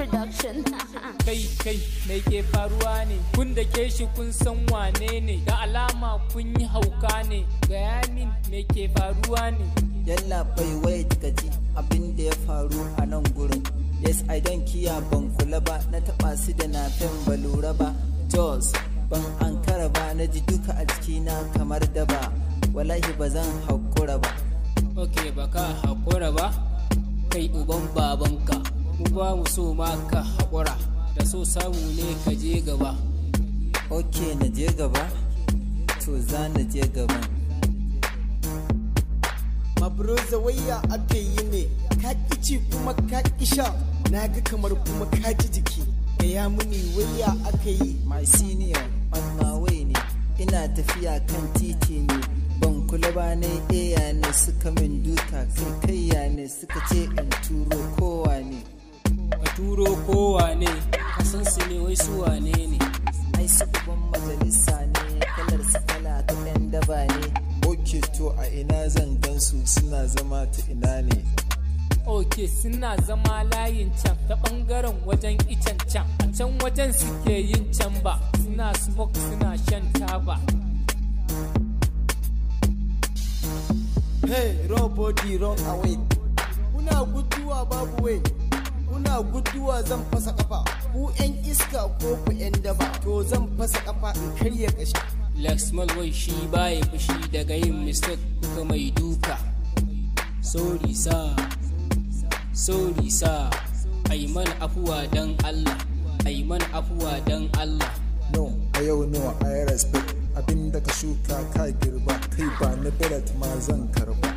production kai kai me ke faruwa ne kun da ke shi kun san wane ne da alama kun yi hauka ne ga yamin me ke faruwa ne yalla bai waye ji abin da ya faru a nan gurin yes i don kiya ban kula ba na taba su da na fen ba lura ba jos ban ankara ba na ji duka a jikina kamar da ba wallahi ba zan haƙura ba ok baka haƙura ba kai uban babanka mu ba mu so ma ka haƙura da so samu ne ka je gaba ok na je gaba to za na je gaba mabro zawayya ake yi ne ka ci kuma ka sha na ga kamar kuma ka ji jiki da ya muni wayya aka yi my senior amma wai ne ina tafiya kan titi ne ban kula ba na iya ne suka min duka kai ne suka ce in turo wai su wane ne ai su majalisa ne kalar su kala ta ɗan daba ne ok to a ina zan gansu suna zama ta ina ne ok suna zama layin can ta bangaren wajen icen can a can wajen suke yin can ba suna smoke suna shan taba hey robody run away kuna gutuwa babu way kuna guduwa zan fasa kafa ku yan iska ko ku yan daba to zan fasa kafa in karya kashi Laxmal wai shi baya fushi daga yin mistake kuka mai duka sorry sa sorry sa ai mana afuwa dan Allah ai mana afuwa dan Allah no a yau no I respect abinda ka shuka ka girba kai ba na beret ma zan karba